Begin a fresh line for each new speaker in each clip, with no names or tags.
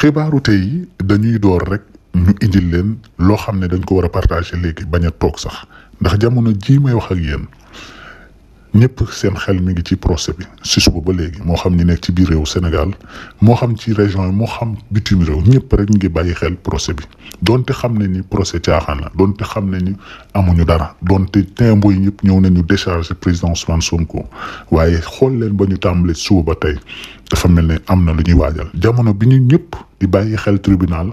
xibaaru yi dañuy door rek ñu indil leen loo xam ne dañ ko war a partager léegi bañ a toog sax ndax jamono jii may wax ak yéen ñëpp seen xel mi ngi ci procès bi si suba ba léegi moo xam ñi nekk ci biir réew Sénégal moo xam ci région yi moo xam bitim réew ñëpp rek ñu ngi bàyyi xel procès bi donte xam ne ni procès caaxaan la donte xam ne ni amuñu dara donte tembo yi ñëpp ñëw nañu décharger président Ousmane Sonko waaye xool leen ba ñu tàmbali suba ba tey dafa mel ne am na lu ñuy waajal jamono bi ñu ñëpp di bàyyi xel tribunal.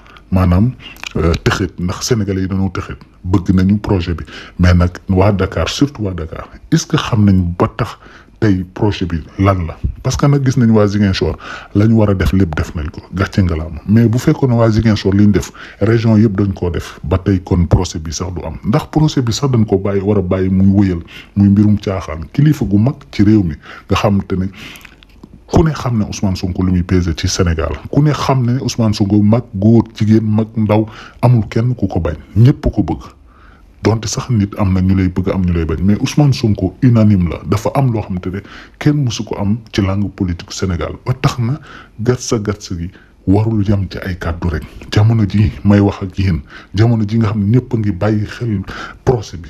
manam tëxit ndax sénégalais dañu dañoo bëgg nañu projet bi mais nak wa Dakar surtout wa Dakar est-ce que xam nañ ba tax tay projet bi lan la parce que nak gis nañ wa zigen la ñu wara def lépp def nañ ko gàcce ngalaam mais bu fekkone wa zigen li liñ def région yëpp dañ ko def ba tay kon projet bi sax du am ndax projet bi sax dañ ko bàyyi wara bàyyi muy wëyel muy mbirum tiaxan kilifa gu mag ci réew mi nga xam tane ku ne xam ne Ousmane sunko lu muy pesé ci Sénégal ku ne xam ne Ousmane Sonko mag góor jigéen mag ndaw amul kenn ku ko bañ ñëpp ko bëgg donte sax nit am na ñu lay bëgg am ñu lay bañ mais Ousmane Sonko unanime la dafa am loo xam te ne kenn musu ko am ci langue politique Sénégal ba tax na gatsa gatsa gi warul yam ci ay kàddu rek jamono ji may wax ak yéen jamono ji nga xam ne ñëpp a ngi bàyyi xel procès bi.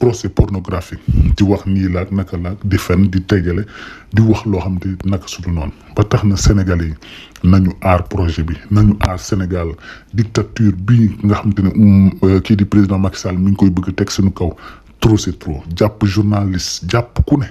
procès pornographique di wax nii laak naka laak di fen di tegale di wax loo xam te naka sudul noonu ba tax na Sénégalais yi nañu aar projet bi nañu aar Sénégal dictature bi nga xam te ne euh, kii di président Macky Sall mi ngi koy bëgg teg suñu kaw trop c'est trop jàpp journaliste jàpp ku ne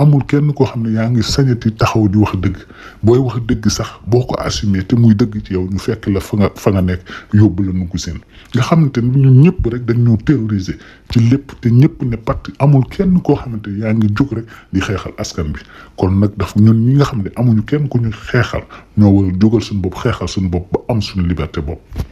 amul kenn koo xam ne yaa ngi sañati taxaw di wax dëgg booy wax dëgg sax boo ko assumé te muy dëgg ci yow ñu fekk la fa nga fa nga nekk yóbbu la nu ko seen nga xamante ni ñëpp rek dañ ñoo terroriser ci lépp te ñëpp ne pat amul kenn koo xamante yaa ngi jóg rek di xeexal askan bi kon nag daf ñun ñi nga xam ne amuñu kenn ku ñu xeexal ñoo war a jógal suñu bopp xeexal suñu bopp ba am suñu liberté bopp.